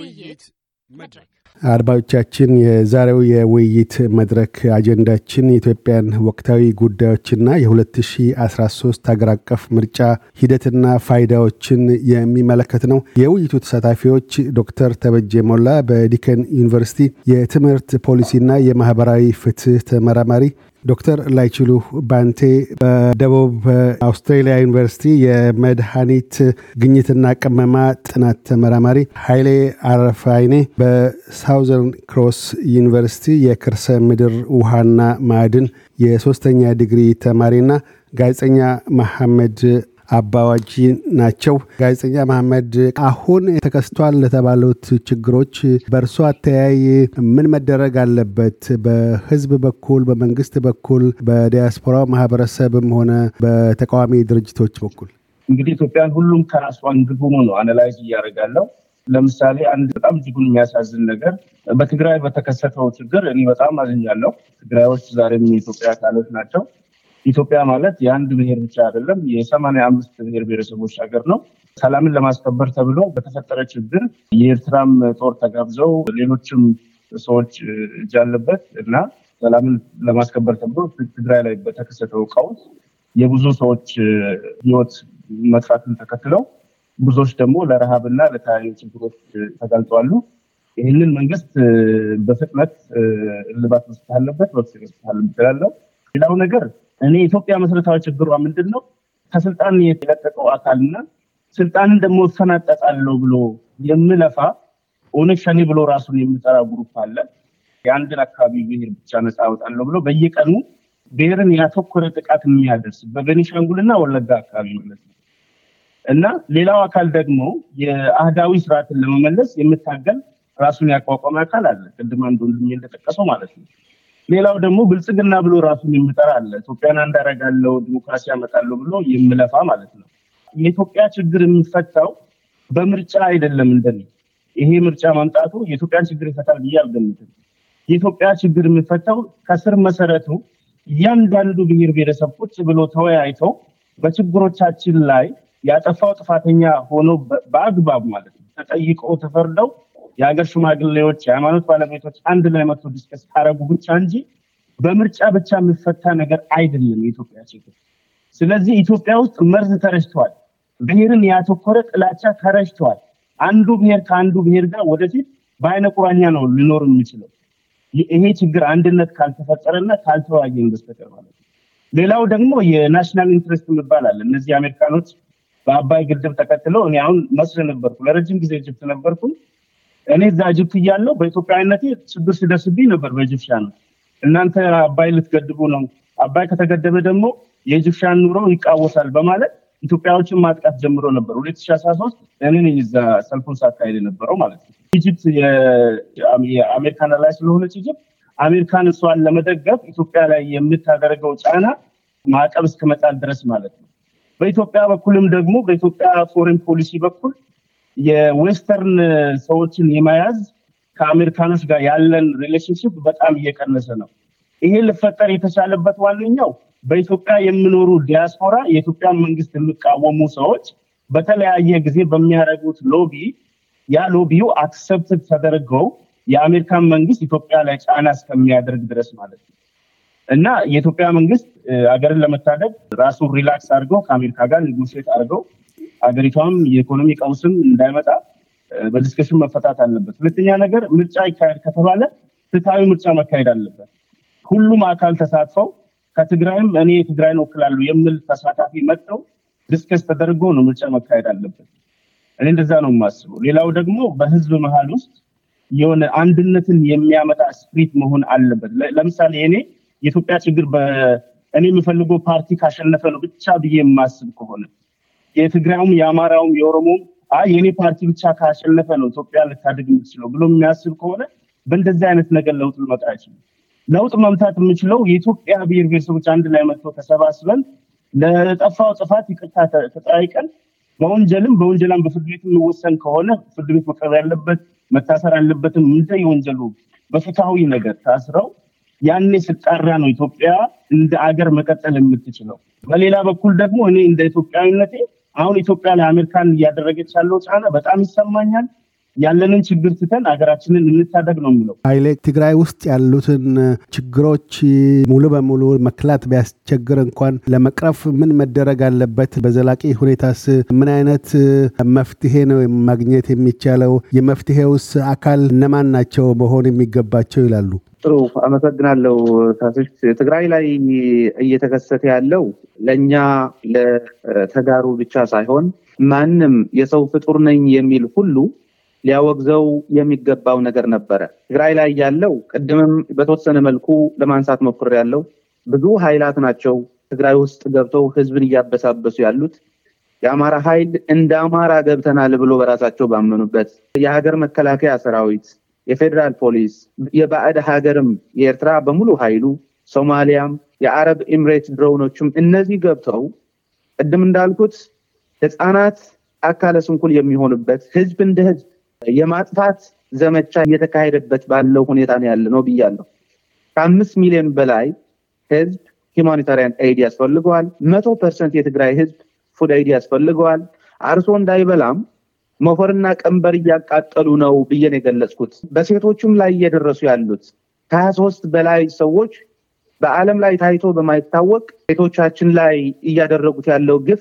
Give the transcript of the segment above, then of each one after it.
ውይይት መድረክ አድማጮቻችን፣ የዛሬው የውይይት መድረክ አጀንዳችን የኢትዮጵያን ወቅታዊ ጉዳዮችና የ2013 ሀገር አቀፍ ምርጫ ሂደትና ፋይዳዎችን የሚመለከት ነው። የውይይቱ ተሳታፊዎች ዶክተር ተበጀ ሞላ በዲከን ዩኒቨርሲቲ የትምህርት ፖሊሲና የማህበራዊ ፍትህ ተመራማሪ ዶክተር ላይችሉ ባንቴ በደቡብ አውስትሬሊያ ዩኒቨርሲቲ የመድኃኒት ግኝትና ቅመማ ጥናት ተመራማሪ፣ ኃይሌ አረፋይኔ በሳውዘርን ክሮስ ዩኒቨርሲቲ የክርሰ ምድር ውሃና ማዕድን የሶስተኛ ዲግሪ ተማሪና ጋዜጠኛ መሐመድ አባዋጅ ናቸው። ጋዜጠኛ መሐመድ፣ አሁን ተከስቷል ለተባሉት ችግሮች በእርሶ አተያይ ምን መደረግ አለበት? በህዝብ በኩል በመንግስት በኩል በዲያስፖራው ማህበረሰብም ሆነ በተቃዋሚ ድርጅቶች በኩል እንግዲህ ኢትዮጵያን ሁሉም ከራሱ አንግቡሙ ነው አናላይዝ እያደረጋለው። ለምሳሌ አንድ በጣም እጅጉን የሚያሳዝን ነገር በትግራይ በተከሰተው ችግር እኔ በጣም አዝኛለሁ። ትግራዮች ዛሬም የኢትዮጵያ አካሎች ናቸው። ኢትዮጵያ ማለት የአንድ ብሔር ብቻ አይደለም፣ የሰማንያ አምስት ብሔር ብሔረሰቦች ሀገር ነው። ሰላምን ለማስከበር ተብሎ በተፈጠረ ችግር የኤርትራም ጦር ተጋብዘው ሌሎችም ሰዎች እጅ አለበት እና ሰላምን ለማስከበር ተብሎ ትግራይ ላይ በተከሰተው ቀውስ የብዙ ሰዎች ህይወት መጥፋትን ተከትለው ብዙዎች ደግሞ ለረሃብና ለተለያዩ ችግሮች ተጋልጠዋሉ። ይህንን መንግስት በፍጥነት እልባት መስጠት አለበት። በፍጥነት መስጠት ሌላው ነገር እኔ ኢትዮጵያ መሰረታዊ ችግሯ ምንድን ነው? ከስልጣን የተለቀቀው አካልና ስልጣንን ደግሞ እፈናጠጣለሁ ብሎ የምለፋ ኦነግ ሸኔ ብሎ ራሱን የምጠራ ግሩፕ አለ። የአንድን አካባቢ ብሄር ብቻ ነፃ አወጣለሁ ብሎ በየቀኑ ብሔርን ያተኮረ ጥቃት የሚያደርስ በቤኒሻንጉልና ወለጋ አካባቢ ማለት ነው እና ሌላው አካል ደግሞ የአህዳዊ ስርዓትን ለመመለስ የምታገል ራሱን ያቋቋመ አካል አለ። ቅድም አንዱ እንደጠቀሰው ማለት ነው። ሌላው ደግሞ ብልጽግና ብሎ ራሱን የምጠራ አለ። ኢትዮጵያን አንድ አደርጋለሁ፣ ዲሞክራሲ ያመጣለሁ ብሎ የምለፋ ማለት ነው። የኢትዮጵያ ችግር የሚፈታው በምርጫ አይደለም። እንደኔ ይሄ ምርጫ ማምጣቱ የኢትዮጵያን ችግር ይፈታል ብዬ አልገምትም። የኢትዮጵያ ችግር የሚፈታው ከስር መሰረቱ እያንዳንዱ ብሔር ብሔረሰብ ቁጭ ብሎ ተወያይተው በችግሮቻችን ላይ ያጠፋው ጥፋተኛ ሆኖ በአግባብ ማለት ነው ተጠይቀው ተፈርደው የሀገር ሽማግሌዎች፣ የሃይማኖት ባለቤቶች አንድ ላይ መቶ ዲስከስ ካረጉ ብቻ እንጂ በምርጫ ብቻ የምፈታ ነገር አይደለም የኢትዮጵያ ችግር። ስለዚህ ኢትዮጵያ ውስጥ መርዝ ተረጭተዋል። ብሔርን ያተኮረ ጥላቻ ተረጭተዋል። አንዱ ብሔር ከአንዱ ብሔር ጋር ወደፊት በአይነ ቁራኛ ነው ሊኖር የሚችለው ይሄ ችግር አንድነት ካልተፈጠረና ካልተወያየን በስተቀር ማለት ነው። ሌላው ደግሞ የናሽናል ኢንትረስት ይባላል። እነዚህ አሜሪካኖች በአባይ ግድብ ተከትለው እኔ አሁን መስር ነበርኩ፣ ለረጅም ጊዜ ጅብት ነበርኩ። እኔ እዛ ጅብት እያለው በኢትዮጵያዊነቴ ስድስት ሲደርስብኝ ነበር በኢጅፕሽያን እናንተ አባይ ልትገድቡ ነው፣ አባይ ከተገደበ ደግሞ የኢጅፕሽያን ኑሮ ይቃወሳል በማለት ኢትዮጵያዎችን ማጥቃት ጀምሮ ነበር። ሁለት ሺህ አስራ ሶስት እኔ ነኝ እዛ ሰልፉን ሳካሄድ የነበረው ማለት ነው። ኢጅፕት የአሜሪካን ላይ ስለሆነች ኢጅፕት አሜሪካን እሷን ለመደገፍ ኢትዮጵያ ላይ የምታደርገው ጫና ማዕቀብ እስከመጣል ድረስ ማለት ነው። በኢትዮጵያ በኩልም ደግሞ በኢትዮጵያ ፎሬን ፖሊሲ በኩል የዌስተርን ሰዎችን የመያዝ ከአሜሪካኖች ጋር ያለን ሪሌሽንሽፕ በጣም እየቀነሰ ነው። ይሄ ልፈጠር የተቻለበት ዋነኛው በኢትዮጵያ የሚኖሩ ዲያስፖራ የኢትዮጵያ መንግስት የሚቃወሙ ሰዎች በተለያየ ጊዜ በሚያደርጉት ሎቢ ያ ሎቢው አክሰፕትድ ተደርገው የአሜሪካን መንግስት ኢትዮጵያ ላይ ጫና እስከሚያደርግ ድረስ ማለት ነው እና የኢትዮጵያ መንግስት አገርን ለመታደግ ራሱን ሪላክስ አድርገው ከአሜሪካ ጋር ኔጎሽት አድርገው ሀገሪቷም የኢኮኖሚ ቀውስም እንዳይመጣ በዲስከሽን መፈታት አለበት። ሁለተኛ ነገር ምርጫ ይካሄድ ከተባለ ፍትሐዊ ምርጫ መካሄድ አለበት። ሁሉም አካል ተሳትፈው ከትግራይም እኔ ትግራይን ወክላለሁ የሚል ተሳታፊ መጥተው ዲስከስ ተደርጎ ነው ምርጫ መካሄድ አለበት። እኔ እንደዛ ነው የማስበው። ሌላው ደግሞ በህዝብ መሀል ውስጥ የሆነ አንድነትን የሚያመጣ ስፕሪት መሆን አለበት። ለምሳሌ እኔ የኢትዮጵያ ችግር እኔ የምፈልገው ፓርቲ ካሸነፈ ነው ብቻ ብዬ የማስብ ከሆነ የትግራዩም የአማራውም የኦሮሞም አይ የኔ ፓርቲ ብቻ ካሸነፈ ነው ኢትዮጵያ ልታድግ የምትችለው ብሎ የሚያስብ ከሆነ በእንደዚህ አይነት ነገር ለውጥ ልመጣ አይችልም። ለውጥ መምታት የምችለው የኢትዮጵያ ብሔር ብሔረሰቦች አንድ ላይ መጥቶ ተሰባስበን ለጠፋው ጥፋት ይቅርታ ተጠያይቀን በወንጀልም በወንጀላም በፍርድ ቤት የሚወሰን ከሆነ ፍርድ ቤት መቅረብ ያለበት መታሰር ያለበትም እንደ የወንጀሉ በፍትሐዊ ነገር ታስረው ያኔ ስጣራ ነው ኢትዮጵያ እንደ አገር መቀጠል የምትችለው። በሌላ በኩል ደግሞ እኔ እንደ ኢትዮጵያዊነቴ አሁን ኢትዮጵያ ላይ አሜሪካን እያደረገች ያለው ጫና በጣም ይሰማኛል። ያለንን ችግር ስተን ሀገራችንን እንታደግ ነው የሚለው ኃይሌ ትግራይ ውስጥ ያሉትን ችግሮች ሙሉ በሙሉ መክላት ቢያስቸግር እንኳን ለመቅረፍ ምን መደረግ አለበት? በዘላቂ ሁኔታስ ምን አይነት መፍትሄ ነው ማግኘት የሚቻለው? የመፍትሄውስ አካል እነማን ናቸው መሆን የሚገባቸው ይላሉ? ጥሩ አመሰግናለሁ። ሳሶች ትግራይ ላይ እየተከሰተ ያለው ለእኛ ለተጋሩ ብቻ ሳይሆን ማንም የሰው ፍጡር ነኝ የሚል ሁሉ ሊያወግዘው የሚገባው ነገር ነበረ። ትግራይ ላይ ያለው ቅድምም በተወሰነ መልኩ ለማንሳት ሞክር ያለው ብዙ ኃይላት ናቸው ትግራይ ውስጥ ገብተው ህዝብን እያበሳበሱ ያሉት። የአማራ ኃይል እንደ አማራ ገብተናል ብሎ በራሳቸው ባመኑበት የሀገር መከላከያ ሰራዊት፣ የፌዴራል ፖሊስ፣ የባዕድ ሀገርም የኤርትራ በሙሉ ኃይሉ ሶማሊያም፣ የአረብ ኤምሬት ድሮኖችም እነዚህ ገብተው ቅድም እንዳልኩት ህፃናት አካለ ስንኩል የሚሆንበት ህዝብ እንደ ህዝብ የማጥፋት ዘመቻ እየተካሄደበት ባለው ሁኔታ ነው ያለ ነው ብያለሁ። ከአምስት ሚሊዮን በላይ ህዝብ ሂማኒታሪያን አይዲ ያስፈልገዋል። መቶ ፐርሰንት የትግራይ ህዝብ ፉድ አይዲ ያስፈልገዋል። አርሶ እንዳይበላም ሞፈርና ቀንበር እያቃጠሉ ነው ብዬ ነው የገለጽኩት። በሴቶቹም ላይ እየደረሱ ያሉት ከሀያ ሶስት በላይ ሰዎች በዓለም ላይ ታይቶ በማይታወቅ ሴቶቻችን ላይ እያደረጉት ያለው ግፍ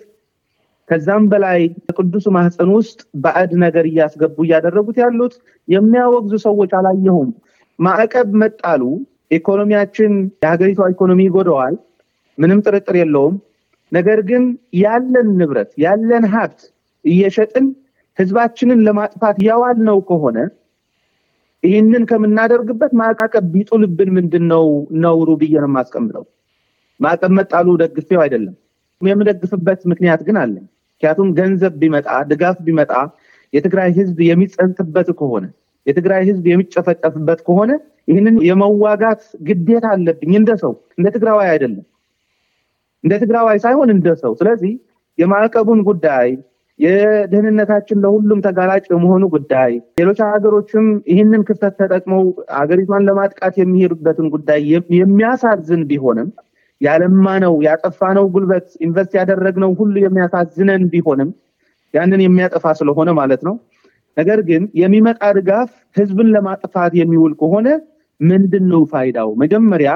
ከዛም በላይ ቅዱስ ማህፀን ውስጥ በአድ ነገር እያስገቡ እያደረጉት ያሉት የሚያወግዙ ሰዎች አላየሁም። ማዕቀብ መጣሉ ኢኮኖሚያችን የሀገሪቷ ኢኮኖሚ ይጎደዋል፣ ምንም ጥርጥር የለውም። ነገር ግን ያለን ንብረት ያለን ሀብት እየሸጥን ህዝባችንን ለማጥፋት ያዋል ነው ከሆነ ይህንን ከምናደርግበት ማዕቀብ ቢጡልብን ምንድን ነው ነውሩ ብዬ ነው የማስቀምጠው። ማዕቀብ መጣሉ ደግፌው አይደለም። የምደግፍበት ምክንያት ግን አለኝ። ምክንያቱም ገንዘብ ቢመጣ ድጋፍ ቢመጣ የትግራይ ህዝብ የሚጸንትበት ከሆነ የትግራይ ህዝብ የሚጨፈጨፍበት ከሆነ ይህንን የመዋጋት ግዴታ አለብኝ እንደ ሰው እንደ ትግራዋይ አይደለም እንደ ትግራዋይ ሳይሆን እንደ ሰው ስለዚህ የማዕቀቡን ጉዳይ የደህንነታችን ለሁሉም ተጋላጭ የመሆኑ ጉዳይ ሌሎች ሀገሮችም ይህንን ክፍተት ተጠቅመው ሀገሪቷን ለማጥቃት የሚሄዱበትን ጉዳይ የሚያሳዝን ቢሆንም ያለማ ነው ያጠፋ ነው ጉልበት ኢንቨስት ያደረግነው ሁሉ የሚያሳዝነን ቢሆንም ያንን የሚያጠፋ ስለሆነ ማለት ነው። ነገር ግን የሚመጣ ድጋፍ ህዝብን ለማጥፋት የሚውል ከሆነ ምንድን ነው ፋይዳው? መጀመሪያ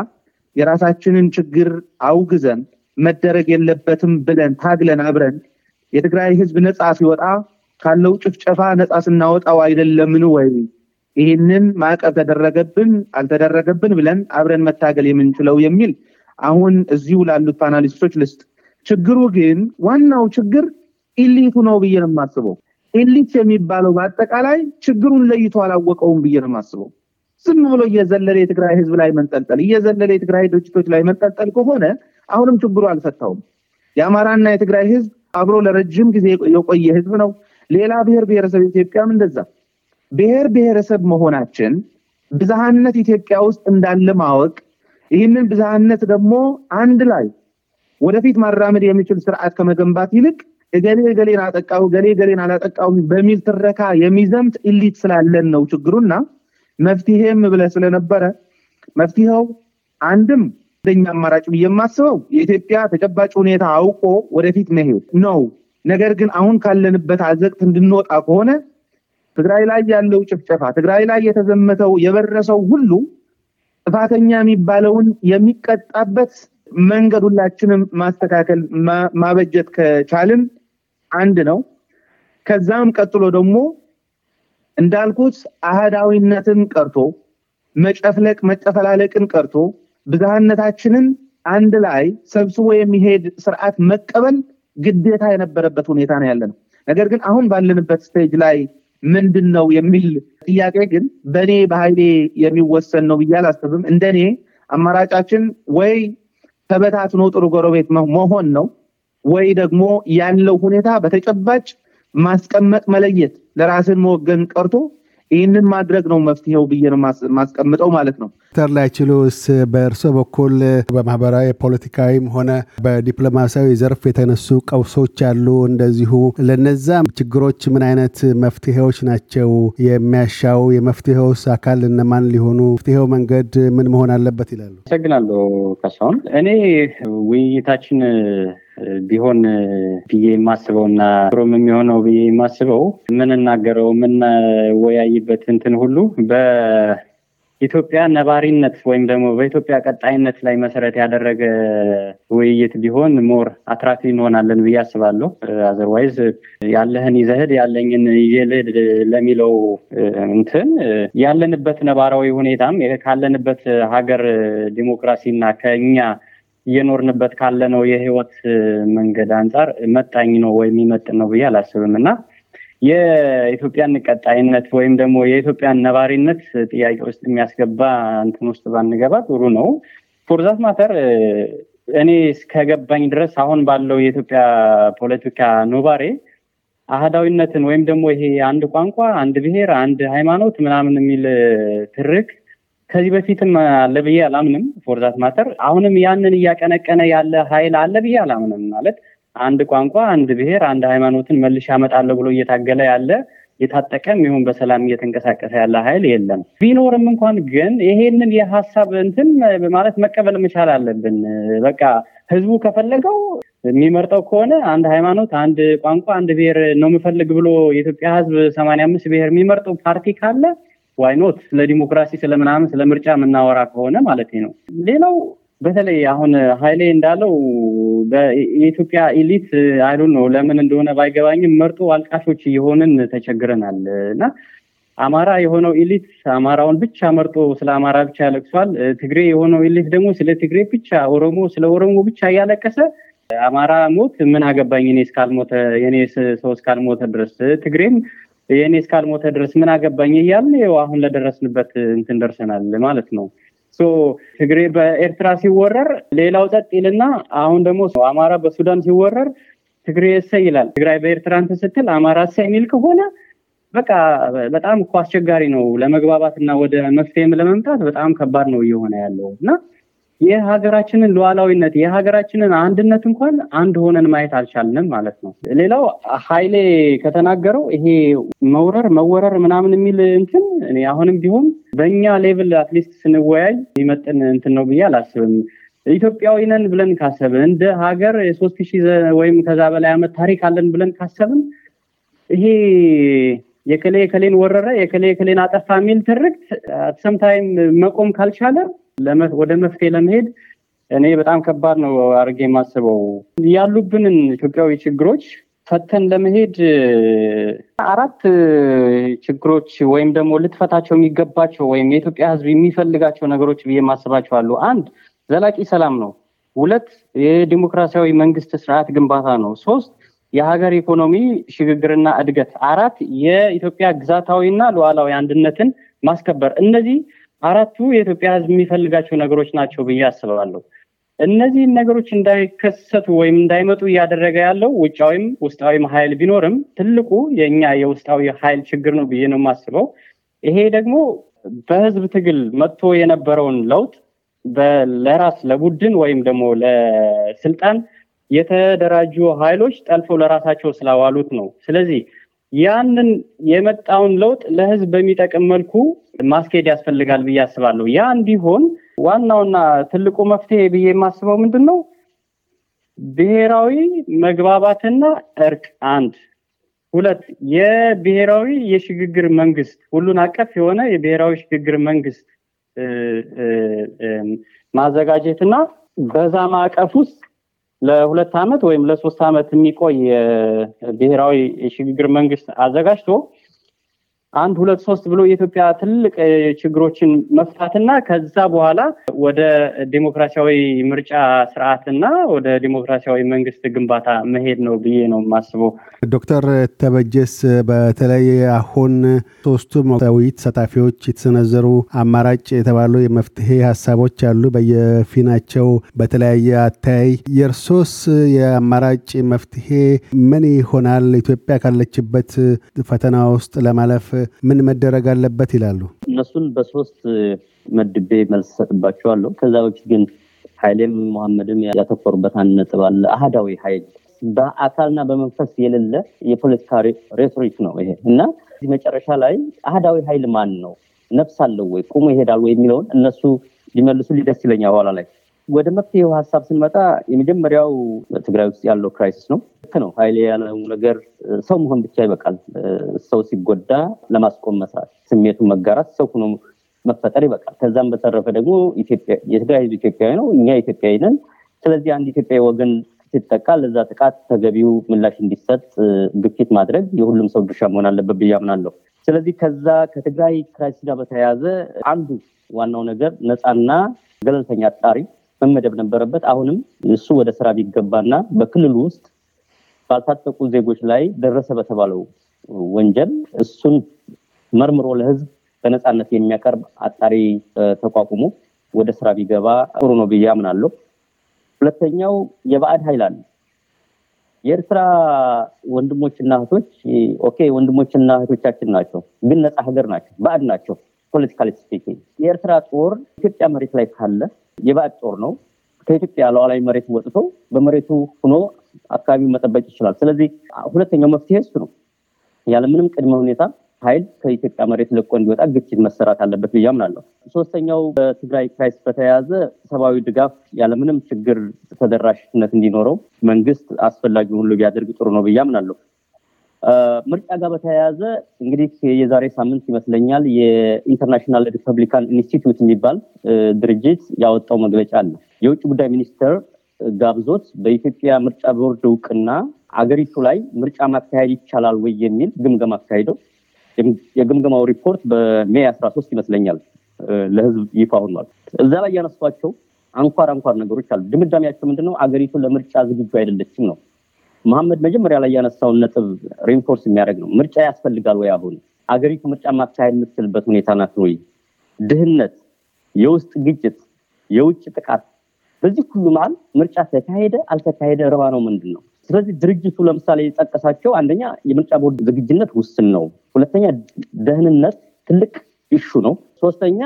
የራሳችንን ችግር አውግዘን መደረግ የለበትም ብለን ታግለን አብረን የትግራይ ህዝብ ነፃ ሲወጣ ካለው ጭፍጨፋ ነፃ ስናወጣው አይደለምን ወይ? ይህንን ማዕቀብ ተደረገብን አልተደረገብን ብለን አብረን መታገል የምንችለው የሚል አሁን እዚሁ ላሉት ፓናሊስቶች ልስጥ። ችግሩ ግን ዋናው ችግር ኢሊቱ ነው ብዬ ነው የማስበው። ኢሊት የሚባለው በአጠቃላይ ችግሩን ለይቶ አላወቀውም ብዬ ነው የማስበው። ዝም ብሎ እየዘለለ የትግራይ ህዝብ ላይ መንጠልጠል፣ እየዘለለ የትግራይ ድርጅቶች ላይ መንጠልጠል ከሆነ አሁንም ችግሩ አልፈታውም። የአማራና የትግራይ ህዝብ አብሮ ለረጅም ጊዜ የቆየ ህዝብ ነው። ሌላ ብሔር ብሔረሰብ ኢትዮጵያም እንደዛ ብሔር ብሔረሰብ መሆናችን ብዝሃነት ኢትዮጵያ ውስጥ እንዳለ ማወቅ ይህንን ብዝሃነት ደግሞ አንድ ላይ ወደፊት ማራመድ የሚችል ስርዓት ከመገንባት ይልቅ እገሌ እገሌን አጠቃው እገሌ እገሌን አላጠቃውም በሚል ትረካ የሚዘምት ኢሊት ስላለን ነው ችግሩና መፍትሄም ብለ ስለነበረ መፍትሄው አንድም ደኛ አማራጭ የማስበው የኢትዮጵያ ተጨባጭ ሁኔታ አውቆ ወደፊት መሄድ ነው። ነገር ግን አሁን ካለንበት አዘቅት እንድንወጣ ከሆነ ትግራይ ላይ ያለው ጭፍጨፋ፣ ትግራይ ላይ የተዘመተው የበረሰው ሁሉ ጥፋተኛ የሚባለውን የሚቀጣበት መንገዱላችንም ማስተካከል ማበጀት ከቻልን አንድ ነው ከዛም ቀጥሎ ደግሞ እንዳልኩት አህዳዊነትን ቀርቶ መጨፍለቅ መጨፈላለቅን ቀርቶ ብዝሃነታችንን አንድ ላይ ሰብስቦ የሚሄድ ስርዓት መቀበል ግዴታ የነበረበት ሁኔታ ነው ያለ ነው ነገር ግን አሁን ባለንበት ስቴጅ ላይ ምንድን ነው የሚል ጥያቄ ግን በእኔ በኃይሌ የሚወሰን ነው ብዬ አላስብም። እንደኔ አማራጫችን ወይ ተበታትኖ ጥሩ ጎረቤት መሆን ነው ወይ ደግሞ ያለው ሁኔታ በተጨባጭ ማስቀመጥ መለየት፣ ለራስን መወገን ቀርቶ ይህንን ማድረግ ነው መፍትሄው ብዬ ነው ማስቀምጠው ማለት ነው። ዶክተር ላይችሉስ በእርሶ በኩል በማህበራዊ ፖለቲካዊም ሆነ በዲፕሎማሲያዊ ዘርፍ የተነሱ ቀውሶች አሉ። እንደዚሁ ለነዛ ችግሮች ምን አይነት መፍትሄዎች ናቸው የሚያሻው? የመፍትሄውስ አካል እነማን ሊሆኑ፣ መፍትሄው መንገድ ምን መሆን አለበት ይላሉ? አመሰግናለሁ ካሳሁን። እኔ ውይይታችን ቢሆን ብዬ የማስበው እና ሮም የሚሆነው ብዬ የማስበው የምንናገረው የምንወያይበት እንትን ሁሉ በኢትዮጵያ ነባሪነት ወይም ደግሞ በኢትዮጵያ ቀጣይነት ላይ መሰረት ያደረገ ውይይት ቢሆን ሞር አትራፊ እንሆናለን ብዬ አስባለሁ። አዘርዋይዝ ያለህን ይዘህድ ያለኝን ይልድ ለሚለው እንትን ያለንበት ነባራዊ ሁኔታም ካለንበት ሀገር ዲሞክራሲና ከኛ እየኖርንበት ካለ ነው የህይወት መንገድ አንጻር መጣኝ ነው ወይም ይመጥን ነው ብዬ አላስብም እና የኢትዮጵያን ቀጣይነት ወይም ደግሞ የኢትዮጵያን ነባሪነት ጥያቄ ውስጥ የሚያስገባ እንትን ውስጥ ባንገባ ጥሩ ነው። ፎርዛት ማተር እኔ እስከገባኝ ድረስ አሁን ባለው የኢትዮጵያ ፖለቲካ ኑባሬ አህዳዊነትን ወይም ደግሞ ይሄ አንድ ቋንቋ፣ አንድ ብሔር፣ አንድ ሃይማኖት ምናምን የሚል ትርክ ከዚህ በፊትም አለ ብዬ አላምንም። ፎርዛት ማተር አሁንም ያንን እያቀነቀነ ያለ ሀይል አለ ብዬ አላምንም። ማለት አንድ ቋንቋ፣ አንድ ብሔር፣ አንድ ሃይማኖትን መልሽ ያመጣለሁ ብሎ እየታገለ ያለ የታጠቀም ይሁን በሰላም እየተንቀሳቀሰ ያለ ሀይል የለም። ቢኖርም እንኳን ግን ይሄንን የሀሳብ እንትን ማለት መቀበል መቻል አለብን። በቃ ህዝቡ ከፈለገው የሚመርጠው ከሆነ አንድ ሃይማኖት፣ አንድ ቋንቋ፣ አንድ ብሔር ነው የምፈልግ ብሎ የኢትዮጵያ ህዝብ ሰማንያ አምስት ብሔር የሚመርጠው ፓርቲ ካለ ዋይኖት ስለ ዲሞክራሲ ስለምናምን ስለ ምርጫ የምናወራ ከሆነ ማለት ነው ሌላው በተለይ አሁን ሀይሌ እንዳለው የኢትዮጵያ ኢሊት አይሉ ነው ለምን እንደሆነ ባይገባኝም መርጦ አልቃሾች እየሆንን ተቸግረናል እና አማራ የሆነው ኢሊት አማራውን ብቻ መርጦ ስለ አማራ ብቻ ያለቅሷል ትግሬ የሆነው ኢሊት ደግሞ ስለ ትግሬ ብቻ ኦሮሞ ስለ ኦሮሞ ብቻ እያለቀሰ አማራ ሞት ምን አገባኝ እኔ እስካልሞተ የኔ ሰው እስካልሞተ ድረስ ትግሬም የእኔ እስካልሞተ ድረስ ምን አገባኝ እያልን ይኸው አሁን ለደረስንበት እንትን ደርሰናል ማለት ነው። ትግሬ በኤርትራ ሲወረር ሌላው ጸጥ ይልና አሁን ደግሞ አማራ በሱዳን ሲወረር ትግሬ እሰይ ይላል። ትግራይ በኤርትራ እንትን ስትል አማራ እሰይ የሚል ከሆነ በቃ በጣም እኮ አስቸጋሪ ነው ለመግባባት እና ወደ መፍትሄም ለመምጣት በጣም ከባድ ነው እየሆነ ያለው እና የሀገራችንን ሉዓላዊነት የሀገራችንን አንድነት እንኳን አንድ ሆነን ማየት አልቻልንም ማለት ነው። ሌላው ሀይሌ ከተናገረው ይሄ መውረር መወረር ምናምን የሚል እንትን እኔ አሁንም ቢሆን በእኛ ሌቭል አትሊስት ስንወያይ የሚመጥን እንትን ነው ብዬ አላስብም። ኢትዮጵያዊ ነን ብለን ካሰብን እንደ ሀገር የሶስት ሺህ ወይም ከዛ በላይ ዓመት ታሪክ አለን ብለን ካሰብን ይሄ የከሌ የከሌን ወረረ የከሌ የከሌን አጠፋ የሚል ትርክት ሰምታይም መቆም ካልቻለ ወደ መፍትሄ ለመሄድ እኔ በጣም ከባድ ነው አድርጌ የማስበው ያሉብንን ኢትዮጵያዊ ችግሮች ፈተን ለመሄድ አራት ችግሮች ወይም ደግሞ ልትፈታቸው የሚገባቸው ወይም የኢትዮጵያ ሕዝብ የሚፈልጋቸው ነገሮች ብዬ ማስባቸው አሉ። አንድ ዘላቂ ሰላም ነው። ሁለት የዲሞክራሲያዊ መንግስት ስርዓት ግንባታ ነው። ሶስት የሀገር ኢኮኖሚ ሽግግርና እድገት፣ አራት የኢትዮጵያ ግዛታዊና ሉዓላዊ አንድነትን ማስከበር እነዚህ አራቱ የኢትዮጵያ ህዝብ የሚፈልጋቸው ነገሮች ናቸው ብዬ አስባለሁ። እነዚህን ነገሮች እንዳይከሰቱ ወይም እንዳይመጡ እያደረገ ያለው ውጫዊም ውስጣዊም ኃይል ቢኖርም ትልቁ የእኛ የውስጣዊ ኃይል ችግር ነው ብዬ ነው የማስበው። ይሄ ደግሞ በህዝብ ትግል መጥቶ የነበረውን ለውጥ ለራስ ለቡድን ወይም ደግሞ ለስልጣን የተደራጁ ኃይሎች ጠልፈው ለራሳቸው ስላዋሉት ነው። ስለዚህ ያንን የመጣውን ለውጥ ለህዝብ በሚጠቅም መልኩ ማስኬድ ያስፈልጋል ብዬ አስባለሁ። ያ እንዲሆን ዋናውና ትልቁ መፍትሄ ብዬ የማስበው ምንድን ነው? ብሔራዊ መግባባትና እርቅ አንድ፣ ሁለት የብሔራዊ የሽግግር መንግስት ሁሉን አቀፍ የሆነ የብሔራዊ ሽግግር መንግስት ማዘጋጀትና በዛ ማዕቀፍ ውስጥ ለሁለት ዓመት ወይም ለሶስት ዓመት የሚቆይ ብሔራዊ የሽግግር መንግስት አዘጋጅቶ አንድ ሁለት ሶስት ብሎ የኢትዮጵያ ትልቅ ችግሮችን መፍታትና ከዛ በኋላ ወደ ዲሞክራሲያዊ ምርጫ ስርዓትና ወደ ዲሞክራሲያዊ መንግስት ግንባታ መሄድ ነው ብዬ ነው የማስበው። ዶክተር ተበጀስ በተለይ አሁን ሶስቱም ውይይት ተሳታፊዎች የተሰነዘሩ አማራጭ የተባሉ የመፍትሄ ሀሳቦች አሉ፣ በየፊናቸው በተለያየ አታይ። የእርሶስ የአማራጭ መፍትሄ ምን ይሆናል? ኢትዮጵያ ካለችበት ፈተና ውስጥ ለማለፍ ምን መደረግ አለበት ይላሉ? እነሱን በሶስት መድቤ መልስ ሰጥባቸዋለሁ። ከዛ በፊት ግን ኃይሌም መሐመድም ያተኮሩበት አንድ ነጥብ አለ። አህዳዊ ኃይል በአካልና በመንፈስ የሌለ የፖለቲካ ሬቶሪክ ነው ይሄ እና መጨረሻ ላይ አህዳዊ ኃይል ማን ነው? ነፍስ አለው ወይ? ቁሙ ይሄዳል ወይ? የሚለውን እነሱ ሊመልሱ ሊደስ ይለኛል በኋላ ላይ ወደ መፍትሄው ሀሳብ ስንመጣ የመጀመሪያው ትግራይ ውስጥ ያለው ክራይሲስ ነው። ልክ ነው ኃይሌ ያለው ነገር ሰው መሆን ብቻ ይበቃል። ሰው ሲጎዳ ለማስቆም መስራት፣ ስሜቱን መጋራት፣ ሰው ሆኖ መፈጠር ይበቃል። ከዛም በተረፈ ደግሞ የትግራይ ህዝብ ኢትዮጵያዊ ነው፣ እኛ ኢትዮጵያዊ ነን። ስለዚህ አንድ ኢትዮጵያዊ ወገን ሲጠቃ ለዛ ጥቃት ተገቢው ምላሽ እንዲሰጥ ግፊት ማድረግ የሁሉም ሰው ድርሻ መሆን አለበት ብዬ አምናለሁ። ስለዚህ ከዛ ከትግራይ ክራይሲስ ጋር በተያያዘ አንዱ ዋናው ነገር ነፃና ገለልተኛ አጣሪ መመደብ ነበረበት። አሁንም እሱ ወደ ስራ ቢገባና በክልሉ ውስጥ ባልታጠቁ ዜጎች ላይ ደረሰ በተባለው ወንጀል እሱን መርምሮ ለህዝብ በነፃነት የሚያቀርብ አጣሪ ተቋቁሞ ወደ ስራ ቢገባ ጥሩ ነው ብዬ አምናለሁ። ሁለተኛው የባዕድ ኃይል አለ። የኤርትራ ወንድሞችና እህቶች ኦኬ፣ ወንድሞችና እህቶቻችን ናቸው፣ ግን ነፃ ሀገር ናቸው፣ ባዕድ ናቸው። ፖለቲካል ስፒኪንግ የኤርትራ ጦር ኢትዮጵያ መሬት ላይ ካለ የባዕድ ጦር ነው። ከኢትዮጵያ ሉዓላዊ መሬት ወጥቶ በመሬቱ ሆኖ አካባቢውን መጠበቅ ይችላል። ስለዚህ ሁለተኛው መፍትሄ እሱ ነው። ያለምንም ቅድመ ሁኔታ ኃይል ከኢትዮጵያ መሬት ለቆ እንዲወጣ ግጭት መሰራት አለበት ብዬ አምናለሁ። ሶስተኛው በትግራይ ክራይስ በተያያዘ ሰብአዊ ድጋፍ ያለምንም ችግር ተደራሽነት እንዲኖረው መንግስት አስፈላጊ ሁሉ ቢያደርግ ጥሩ ነው ብዬ አምናለሁ። ምርጫ ጋር በተያያዘ እንግዲህ የዛሬ ሳምንት ይመስለኛል የኢንተርናሽናል ሪፐብሊካን ኢንስቲትዩት የሚባል ድርጅት ያወጣው መግለጫ አለ። የውጭ ጉዳይ ሚኒስቴር ጋብዞት በኢትዮጵያ ምርጫ ቦርድ እውቅና አገሪቱ ላይ ምርጫ ማካሄድ ይቻላል ወይ የሚል ግምገማ አካሂደው የግምገማው ሪፖርት በሜ 13 ይመስለኛል ለህዝብ ይፋ ሆኗል። እዛ ላይ ያነሷቸው አንኳር አንኳር ነገሮች አሉ። ድምዳሜያቸው ምንድነው? አገሪቱ ለምርጫ ዝግጁ አይደለችም ነው መሐመድ መጀመሪያ ላይ ያነሳውን ነጥብ ሪንፎርስ የሚያደርግ ነው። ምርጫ ያስፈልጋል ወይ? አሁን አገሪቱ ምርጫ ማካሄድ የምትችልበት ሁኔታ ናት ወይ? ድህነት፣ የውስጥ ግጭት፣ የውጭ ጥቃት፣ በዚህ ሁሉ መሀል ምርጫ ተካሄደ አልተካሄደ ረባ ነው ምንድን ነው? ስለዚህ ድርጅቱ ለምሳሌ የጠቀሳቸው አንደኛ የምርጫ ቦርድ ዝግጅነት ውስን ነው። ሁለተኛ ደህንነት ትልቅ ኢሹ ነው። ሶስተኛ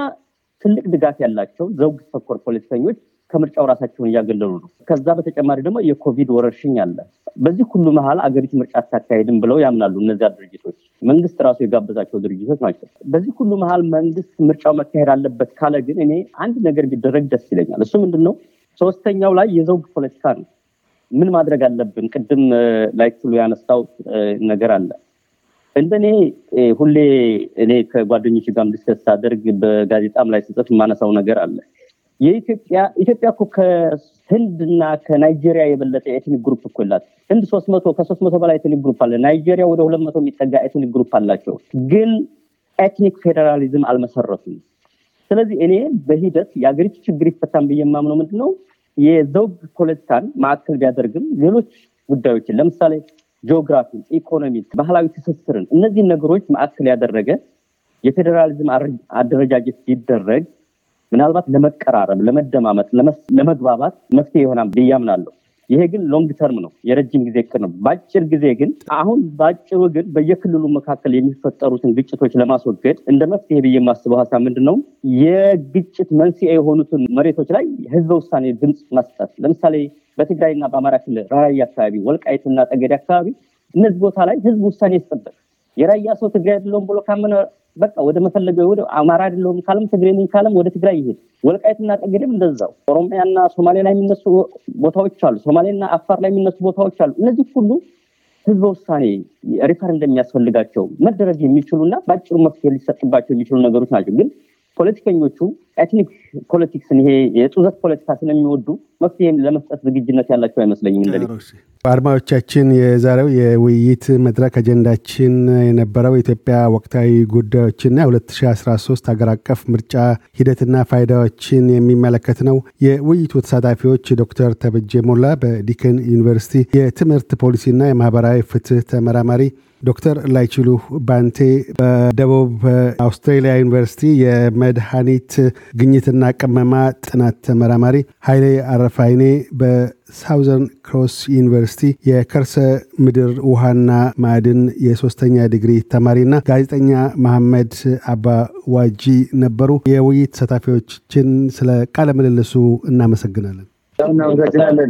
ትልቅ ድጋፍ ያላቸው ዘውግ ተኮር ፖለቲከኞች ከምርጫው ራሳቸውን እያገለሉ ነው። ከዛ በተጨማሪ ደግሞ የኮቪድ ወረርሽኝ አለ። በዚህ ሁሉ መሀል አገሪቱ ምርጫ አታካሄድም ብለው ያምናሉ እነዚያ ድርጅቶች፣ መንግስት ራሱ የጋበዛቸው ድርጅቶች ናቸው። በዚህ ሁሉ መሀል መንግስት ምርጫው መካሄድ አለበት ካለ ግን እኔ አንድ ነገር ቢደረግ ደስ ይለኛል። እሱ ምንድን ነው? ሶስተኛው ላይ የዘውግ ፖለቲካ ነው። ምን ማድረግ አለብን? ቅድም ክፍሉ ያነሳው ነገር አለ። እንደኔ ሁሌ እኔ ከጓደኞች ጋር ምድስከስ ሳደርግ በጋዜጣም ላይ ስጽፍ የማነሳው ነገር አለ የኢትዮጵያ ኢትዮጵያ እኮ ከህንድ እና ከናይጄሪያ የበለጠ ኤትኒክ ግሩፕ እኮ ላት ህንድ ሶስት መቶ ከሶስት መቶ በላይ ኤትኒክ ግሩፕ አለ። ናይጄሪያ ወደ ሁለት መቶ የሚጠጋ ኤትኒክ ግሩፕ አላቸው። ግን ኤትኒክ ፌዴራሊዝም አልመሰረቱም። ስለዚህ እኔ በሂደት የአገሪቱ ችግር ይፈታን ብዬ የማምነው ምንድነው የዘውግ ፖለቲካን ማዕከል ቢያደርግም ሌሎች ጉዳዮችን ለምሳሌ ጂኦግራፊን፣ ኢኮኖሚን፣ ባህላዊ ትስስርን እነዚህን ነገሮች ማዕከል ያደረገ የፌዴራሊዝም አደረጃጀት ሲደረግ ምናልባት ለመቀራረብ፣ ለመደማመጥ፣ ለመግባባት መፍትሄ ይሆናል ብዬ አምናለሁ። ይሄ ግን ሎንግ ተርም ነው፣ የረጅም ጊዜ እቅድ ነው። በአጭር ጊዜ ግን አሁን በአጭሩ ግን በየክልሉ መካከል የሚፈጠሩትን ግጭቶች ለማስወገድ እንደ መፍትሄ ብዬ የማስበው ሀሳብ ምንድን ነው? የግጭት መንስኤ የሆኑትን መሬቶች ላይ ህዝበ ውሳኔ ድምፅ መስጠት። ለምሳሌ በትግራይና በአማራ ክልል ራያ አካባቢ፣ ወልቃይትና ጠገዴ አካባቢ እነዚህ ቦታ ላይ ህዝብ ውሳኔ ይሰጠል። የራያ ሰው ትግራይ አይደለሁም ብሎ ካመነ በቃ ወደ መፈለገው ወደ አማራ አይደለሁም ካለም ትግሬ ነኝ ካለም ወደ ትግራይ ይሄድ። ወልቃይትና ጠገዴም እንደዛው፣ ኦሮሚያና ሶማሌ ላይ የሚነሱ ቦታዎች አሉ። ሶማሌና አፋር ላይ የሚነሱ ቦታዎች አሉ። እነዚህ ሁሉ ህዝበ ውሳኔ ሪፈር እንደሚያስፈልጋቸው መደረግ የሚችሉና በአጭሩ መፍትሄ ሊሰጥባቸው የሚችሉ ነገሮች ናቸው። ግን ፖለቲከኞቹ ኤትኒክ ፖለቲክስን ይሄ የጡዘት ፖለቲካ ስለሚወዱ መፍትሄ ለመስጠት ዝግጅነት ያላቸው አይመስለኝም እንደ በአድማዎቻችን የዛሬው የውይይት መድረክ አጀንዳችን የነበረው የኢትዮጵያ ወቅታዊ ጉዳዮችና 2013 ሀገር አቀፍ ምርጫ ሂደትና ፋይዳዎችን የሚመለከት ነው። የውይይቱ ተሳታፊዎች ዶክተር ተበጀ ሞላ በዲከን ዩኒቨርሲቲ የትምህርት ፖሊሲና የማህበራዊ ፍትህ ተመራማሪ ዶክተር ላይችሉ ባንቴ በደቡብ አውስትሬሊያ ዩኒቨርሲቲ የመድኃኒት ግኝትና ቅመማ ጥናት ተመራማሪ፣ ኃይሌ አረፋይኔ በሳውዘርን ክሮስ ዩኒቨርሲቲ የከርሰ ምድር ውሃና ማዕድን የሶስተኛ ዲግሪ ተማሪና ጋዜጠኛ መሐመድ አባ ዋጂ ነበሩ። የውይይት ተሳታፊዎችን ስለ ቃለ ምልልሱ እናመሰግናለን። እናመሰግናለን።